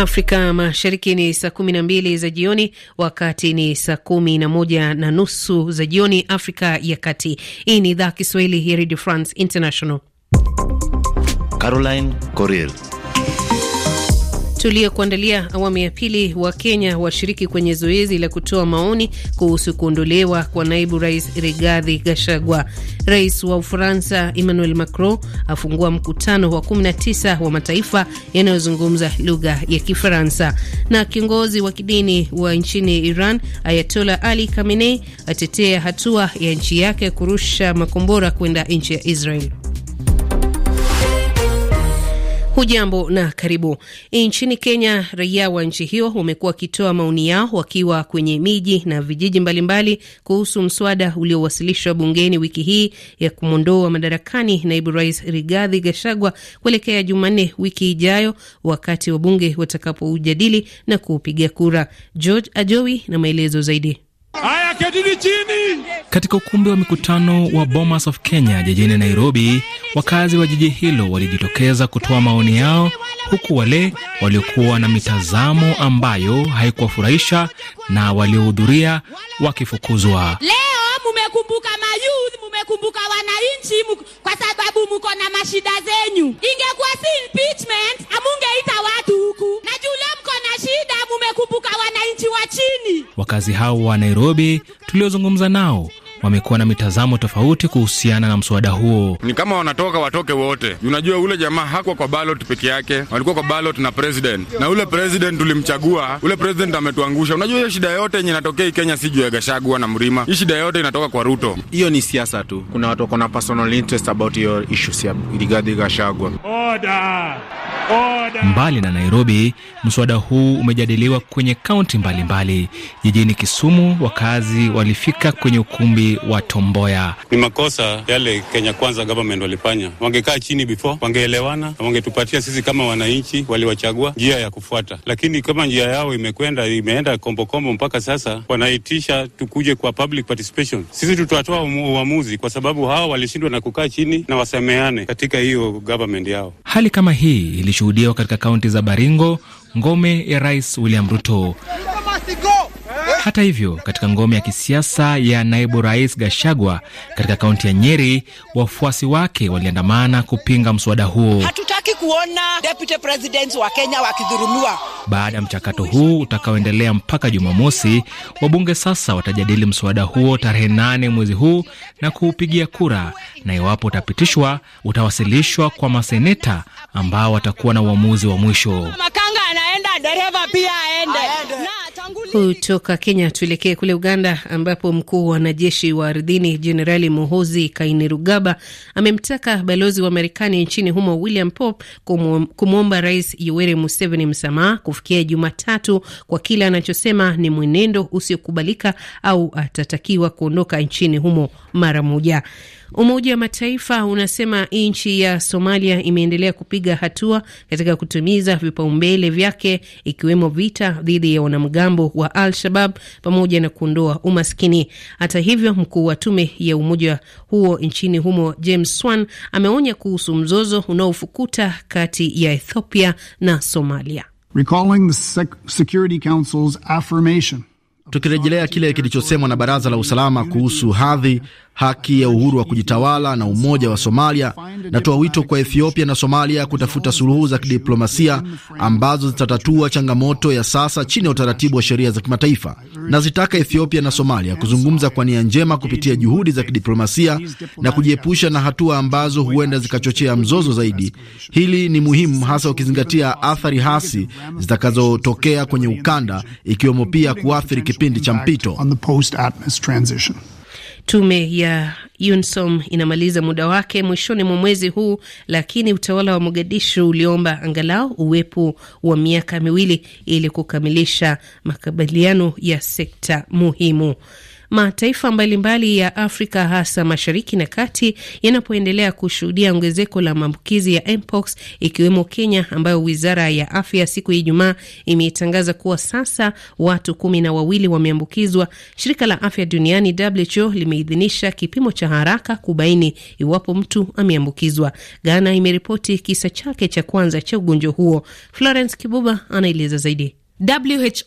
Afrika Mashariki ni saa kumi na mbili za jioni, wakati ni saa kumi na moja na nusu za jioni Afrika ya Kati. Hii ni idhaa Kiswahili ya Radio France International. Caroline Coril tuliyokuandalia awamu ya pili. Wa Kenya washiriki kwenye zoezi la kutoa maoni kuhusu kuondolewa kwa naibu rais Rigathi Gachagua. Rais wa Ufaransa Emmanuel Macron afungua mkutano wa 19 wa mataifa yanayozungumza lugha ya Kifaransa. Na kiongozi wa kidini wa nchini Iran Ayatola Ali Khamenei atetea hatua ya nchi yake kurusha makombora kwenda nchi ya Israel. Hujambo na karibu. Nchini Kenya, raia wa nchi hiyo wamekuwa wakitoa maoni yao wakiwa kwenye miji na vijiji mbalimbali mbali kuhusu mswada uliowasilishwa bungeni wiki hii ya kumwondoa madarakani naibu rais Rigathi Gachagua kuelekea Jumanne wiki ijayo, wakati wa bunge watakapoujadili na kuupiga kura. George Ajowi na maelezo zaidi ketini chini. Katika ukumbi wa mikutano wa Bomas of Kenya jijini Nairobi, wakazi wa jiji hilo walijitokeza kutoa maoni yao, huku wale waliokuwa na mitazamo ambayo haikuwafurahisha na waliohudhuria wakifukuzwa. Leo mumekumbuka mayuth, mumekumbuka wananchi kwa sababu muko na mashida zenyu. Ingekuwa si impeachment, amungeita watu huku na leo mko na shida, mumekumbuka chini. Wakazi hao wa Nairobi tuliozungumza nao wamekuwa na mitazamo tofauti kuhusiana na mswada huo. Ni kama wanatoka watoke wote. Unajua, ule jamaa hakuwa kwa balot peke yake, walikuwa kwa balot na president, na ule president tulimchagua, ule president ametuangusha. Unajua, hiyo shida yote yenye inatokea Kenya si juu ya gashagwa na Mrima, hii shida yote inatoka kwa Ruto. Hiyo ni siasa tu, kuna watu wako na personal interest about hiyo issue regarding Gachagua. Order. Mbali na Nairobi, mswada huu umejadiliwa kwenye kaunti mbalimbali. Jijini Kisumu, wakazi walifika kwenye ukumbi wa Tomboya. Ni makosa yale Kenya Kwanza government walifanya, wangekaa chini before, wangeelewana na wangetupatia sisi kama wananchi waliwachagua njia ya kufuata, lakini kama njia yao imekwenda imeenda kombokombo mpaka sasa, wanaitisha tukuje kwa public participation. Sisi tutatoa uamuzi kwa sababu hawa walishindwa na kukaa chini na wasameane katika hiyo government yao. Hali kama hii kushuhudiwa katika kaunti za Baringo, ngome ya Rais William Ruto. Hata hivyo, katika ngome ya kisiasa ya naibu rais Gashagwa katika kaunti ya Nyeri, wafuasi wake waliandamana kupinga mswada huo. Hatutaki kuona deputy presidents wa Kenya wakidhurumiwa. Baada ya mchakato huu utakaoendelea mpaka Jumamosi, wabunge sasa watajadili mswada huo tarehe nane mwezi huu na kuupigia kura, na iwapo utapitishwa utawasilishwa kwa maseneta ambao watakuwa na uamuzi wa mwisho. Makanga anaenda, dereva pia aende. Kutoka Kenya tuelekee kule Uganda, ambapo mkuu wa wanajeshi wa ardhini Jenerali Muhozi Kainerugaba amemtaka balozi wa Marekani nchini humo William Pop kumwomba Rais Yoweri Museveni msamaha kufikia Jumatatu kwa kile anachosema ni mwenendo usiokubalika au atatakiwa kuondoka nchini humo mara moja. Umoja wa Mataifa unasema nchi ya Somalia imeendelea kupiga hatua katika kutimiza vipaumbele vyake ikiwemo vita dhidi ya wanamgambo wa Al-Shabab pamoja na kuondoa umaskini. Hata hivyo, mkuu wa tume ya umoja huo nchini humo James Swan ameonya kuhusu mzozo unaofukuta kati ya Ethiopia na Somalia. Tukirejelea kile kilichosemwa na Baraza la Usalama kuhusu hadhi haki ya uhuru wa kujitawala na umoja wa Somalia. Natoa wito kwa Ethiopia na Somalia kutafuta suluhu za kidiplomasia ambazo zitatatua changamoto ya sasa chini ya utaratibu wa sheria za kimataifa. Nazitaka Ethiopia na Somalia kuzungumza kwa nia njema kupitia juhudi za kidiplomasia na kujiepusha na hatua ambazo huenda zikachochea mzozo zaidi. Hili ni muhimu hasa ukizingatia athari hasi zitakazotokea kwenye ukanda, ikiwemo pia kuathiri kipindi cha mpito. Tume ya Yunsom inamaliza muda wake mwishoni mwa mwezi huu, lakini utawala wa Mogadishu uliomba angalau uwepo wa miaka miwili ili kukamilisha makubaliano ya sekta muhimu mataifa mbalimbali ya Afrika hasa mashariki na kati yanapoendelea kushuhudia ongezeko la maambukizi ya mpox ikiwemo Kenya, ambayo wizara ya afya siku ya Ijumaa imetangaza kuwa sasa watu kumi na wawili wameambukizwa. Shirika la afya duniani WHO limeidhinisha kipimo cha haraka kubaini iwapo mtu ameambukizwa. Ghana imeripoti kisa chake cha kwanza cha ugonjwa huo. Florence Kibuba anaeleza zaidi.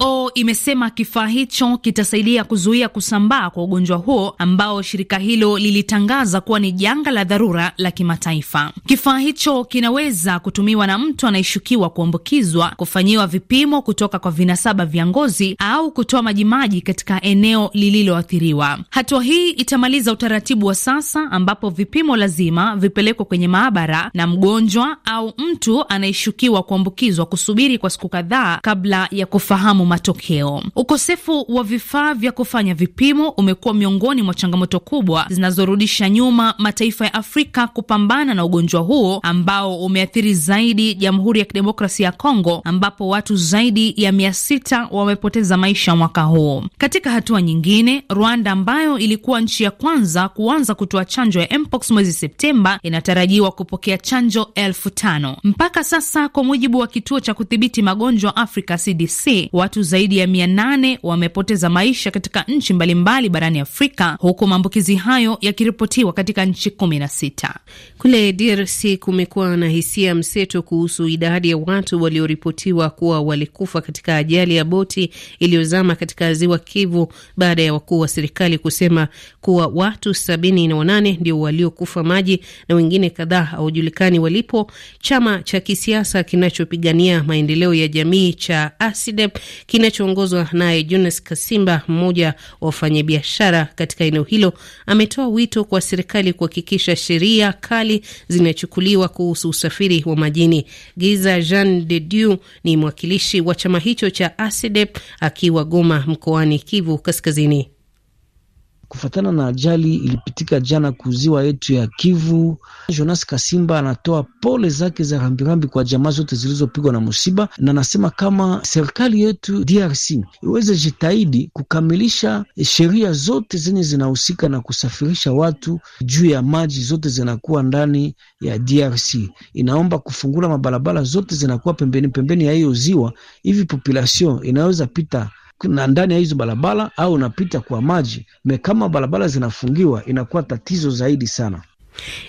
WHO imesema kifaa hicho kitasaidia kuzuia kusambaa kwa ugonjwa huo ambao shirika hilo lilitangaza kuwa ni janga la dharura la kimataifa. Kifaa hicho kinaweza kutumiwa na mtu anayeshukiwa kuambukizwa kufanyiwa vipimo kutoka kwa vinasaba vya ngozi au kutoa majimaji katika eneo lililoathiriwa. Hatua hii itamaliza utaratibu wa sasa ambapo vipimo lazima vipelekwe kwenye maabara na mgonjwa au mtu anayeshukiwa kuambukizwa kusubiri kwa siku kadhaa kabla ya ya kufahamu matokeo. Ukosefu wa vifaa vya kufanya vipimo umekuwa miongoni mwa changamoto kubwa zinazorudisha nyuma mataifa ya Afrika kupambana na ugonjwa huo ambao umeathiri zaidi Jamhuri ya Kidemokrasia ya Kongo ambapo watu zaidi ya mia sita wamepoteza maisha mwaka huu. Katika hatua nyingine, Rwanda ambayo ilikuwa nchi ya kwanza kuanza kutoa chanjo ya mpox mwezi Septemba inatarajiwa kupokea chanjo elfu tano mpaka sasa, kwa mujibu wa kituo cha kudhibiti magonjwa Afrika CDC. DRC, watu zaidi ya mia nane wamepoteza maisha katika nchi mbalimbali barani Afrika, huku maambukizi hayo yakiripotiwa katika nchi kumi na sita. Kule DRC kumekuwa na hisia mseto kuhusu idadi ya watu walioripotiwa kuwa walikufa katika ajali ya boti iliyozama katika ziwa Kivu baada ya wakuu wa serikali kusema kuwa watu sabini na wanane ndio waliokufa maji na wengine kadhaa hawajulikani walipo. Chama cha kisiasa kinachopigania maendeleo ya jamii cha AS Asidep kinachoongozwa naye Jonas Kasimba, mmoja wa wafanyabiashara katika eneo hilo, ametoa wito kwa serikali kuhakikisha sheria kali zinachukuliwa kuhusu usafiri wa majini. Giza Jean de Dieu ni mwakilishi wa chama hicho cha Asidep akiwa Goma mkoani Kivu Kaskazini kufuatana na ajali ilipitika jana kuziwa yetu ya Kivu. Jonas Kasimba anatoa pole zake za rambirambi kwa jamaa zote zilizopigwa na musiba, na anasema kama serikali yetu DRC iweze jitahidi kukamilisha sheria zote zenye zinahusika na kusafirisha watu juu ya maji, zote zinakuwa ndani ya DRC. Inaomba kufungula mabarabara zote zinakuwa pembeni pembeni ya hiyo ziwa, hivi population inaweza pita na ndani ya hizo barabara au unapita kwa maji me. Kama barabara zinafungiwa, inakuwa tatizo zaidi sana.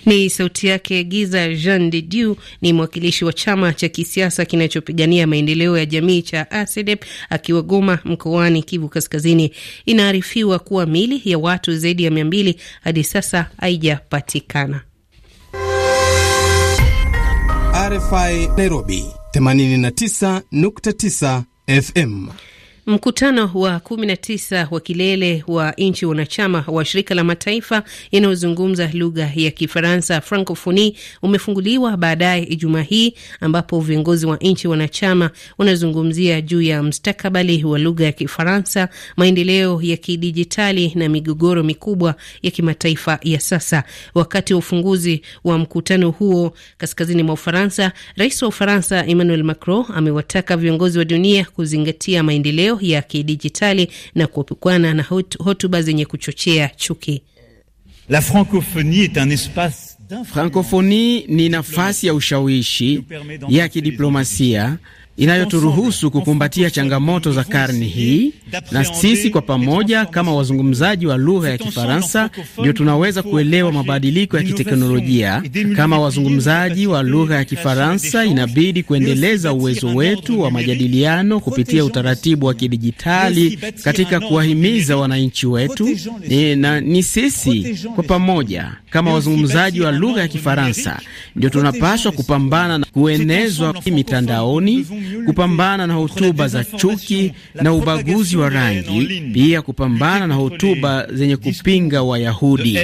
Ni sauti yake Giza Jean de Dieu, ni mwakilishi wa chama cha kisiasa kinachopigania maendeleo ya jamii cha ASEDEP akiwa Goma mkoani Kivu Kaskazini. Inaarifiwa kuwa mili ya watu zaidi ya mia mbili hadi sasa haijapatikana. RFI Nairobi 89.9 FM. Mkutano wa 19 wa kilele wa nchi wanachama wa shirika la mataifa yanayozungumza lugha ya Kifaransa, Francofoni, umefunguliwa baadaye Ijumaa hii ambapo viongozi wa nchi wanachama wanazungumzia juu ya mstakabali wa lugha ya Kifaransa, maendeleo ya kidijitali na migogoro mikubwa ya kimataifa ya sasa. Wakati wa ufunguzi wa mkutano huo kaskazini mwa Ufaransa, rais wa Ufaransa Emmanuel Macron amewataka viongozi wa dunia kuzingatia maendeleo mitandao ya kidijitali na kuepukana na hotuba zenye kuchochea chuki. La francophonie est un espace Frankofoni ni nafasi ya ushawishi ya kidiplomasia inayoturuhusu kukumbatia changamoto za karne hii, na sisi kwa pamoja kama wazungumzaji wa lugha ya Kifaransa ndio tunaweza kuelewa mabadiliko ya kiteknolojia. Kama wazungumzaji wa lugha ya Kifaransa, inabidi kuendeleza uwezo wetu wa majadiliano kupitia utaratibu wa kidijitali katika kuwahimiza wananchi wetu. Ni, na, ni sisi kwa pamoja kama wazungumzaji wa lugha ya Kifaransa ndio tunapaswa kupambana na kuenezwa mitandaoni kupambana na hotuba za chuki na ubaguzi wa rangi, pia kupambana na hotuba zenye kupinga Wayahudi.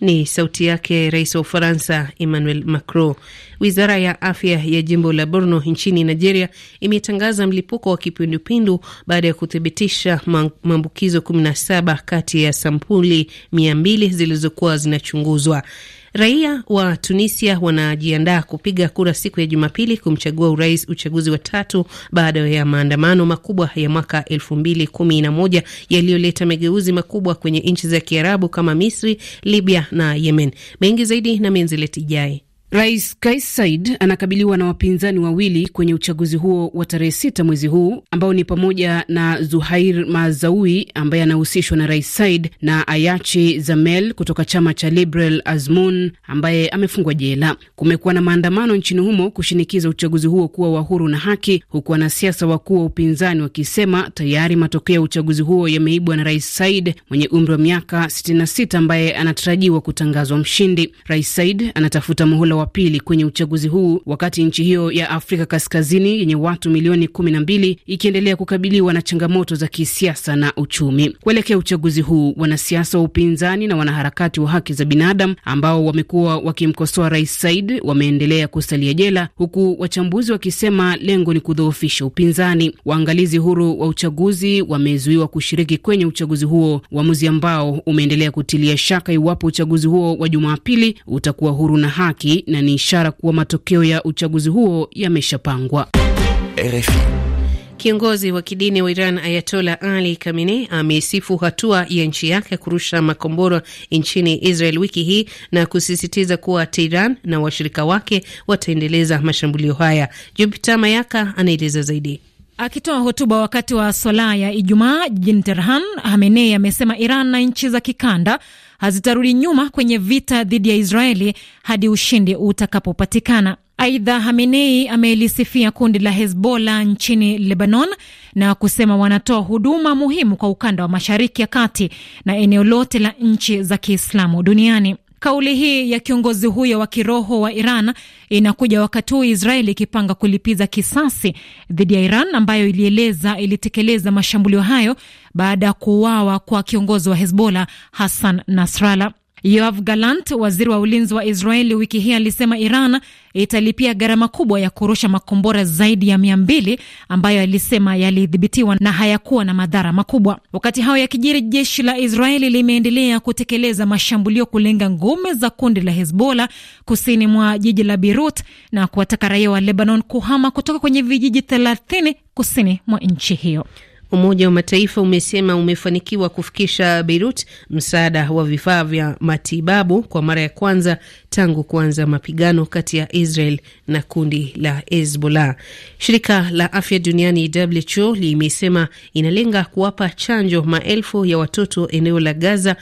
Ni sauti yake rais wa Ufaransa Emmanuel Macron. Wizara ya afya ya jimbo la Borno nchini Nigeria imetangaza mlipuko wa kipindupindu baada ya kuthibitisha maambukizo 17 kati ya sampuli 200 zilizokuwa zinachunguzwa. Raia wa Tunisia wanajiandaa kupiga kura siku ya Jumapili kumchagua urais, uchaguzi wa tatu baada ya maandamano makubwa ya mwaka elfu mbili kumi na moja yaliyoleta mageuzi makubwa kwenye nchi za Kiarabu kama Misri, Libya na Yemen. Mengi zaidi na Menzileti Jai. Rais Kais Said anakabiliwa na wapinzani wawili kwenye uchaguzi huo wa tarehe sita mwezi huu ambao ni pamoja na Zuhair Mazaui ambaye anahusishwa na Rais Said na Ayachi Zamel kutoka chama cha Liberal Azmon ambaye amefungwa jela. Kumekuwa na maandamano nchini humo kushinikiza uchaguzi huo kuwa wa huru na haki, huku wanasiasa wakuu wa upinzani wakisema tayari matokeo ya uchaguzi huo yameibwa na Rais Said mwenye umri wa miaka 66 ambaye anatarajiwa kutangazwa mshindi. Rais Said anatafuta muhula wa pili kwenye uchaguzi huu, wakati nchi hiyo ya Afrika Kaskazini yenye watu milioni kumi na mbili ikiendelea kukabiliwa na changamoto za kisiasa na uchumi. Kuelekea uchaguzi huu, wanasiasa wa upinzani na wanaharakati wa haki za binadamu ambao wamekuwa wakimkosoa Rais Said wameendelea kusalia jela, huku wachambuzi wakisema lengo ni kudhoofisha upinzani. Waangalizi huru wa uchaguzi wamezuiwa kushiriki kwenye uchaguzi huo, uamuzi ambao umeendelea kutilia shaka iwapo uchaguzi huo wa Jumapili utakuwa huru na haki na ni ishara kuwa matokeo ya uchaguzi huo yameshapangwa. Kiongozi wa kidini wa Iran Ayatola Ali Khamenei amesifu hatua ya nchi yake kurusha makombora nchini Israel wiki hii na kusisitiza kuwa Tehran na washirika wake wataendeleza mashambulio haya. jupita Mayaka anaeleza zaidi. Akitoa hotuba wakati wa swala ya Ijumaa jijini Tehran, Hamenei amesema Iran na nchi za kikanda hazitarudi nyuma kwenye vita dhidi ya Israeli hadi ushindi utakapopatikana. Aidha, Hamenei amelisifia kundi la Hezbollah nchini Lebanon na kusema wanatoa huduma muhimu kwa ukanda wa Mashariki ya Kati na eneo lote la nchi za Kiislamu duniani. Kauli hii ya kiongozi huyo wa kiroho wa Iran inakuja wakati huu Israeli ikipanga kulipiza kisasi dhidi ya Iran ambayo ilieleza ilitekeleza mashambulio hayo baada ya kuuawa kwa kiongozi wa Hezbollah Hassan Nasrallah. Yoav Galant, waziri wa ulinzi wa Israeli, wiki hii alisema Iran italipia gharama kubwa ya kurusha makombora zaidi ya mia mbili ambayo alisema yalidhibitiwa na hayakuwa na madhara makubwa. Wakati hao yakijiri, jeshi la Israeli limeendelea kutekeleza mashambulio kulenga ngome za kundi la Hezbollah kusini mwa jiji la Beirut na kuwataka raia wa Lebanon kuhama kutoka kwenye vijiji thelathini kusini mwa nchi hiyo. Umoja wa Mataifa umesema umefanikiwa kufikisha Beirut msaada wa vifaa vya matibabu kwa mara ya kwanza tangu kuanza mapigano kati ya Israel na kundi la Hezbollah. Shirika la Afya Duniani WHO limesema inalenga kuwapa chanjo maelfu ya watoto eneo la Gaza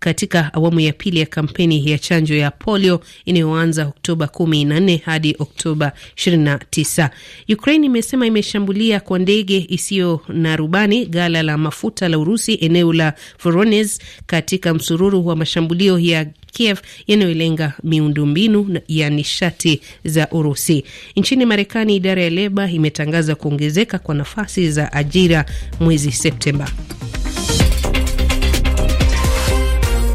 katika awamu ya pili ya kampeni ya chanjo ya polio inayoanza Oktoba 14 hadi Oktoba 29. Ukraine imesema imeshambulia kwa ndege isiyo na rubani gala la mafuta la Urusi eneo la Voronezh katika msururu wa mashambulio ya Kiev yanayolenga miundombinu ya nishati za Urusi. Nchini Marekani, idara ya leba imetangaza kuongezeka kwa nafasi za ajira mwezi Septemba.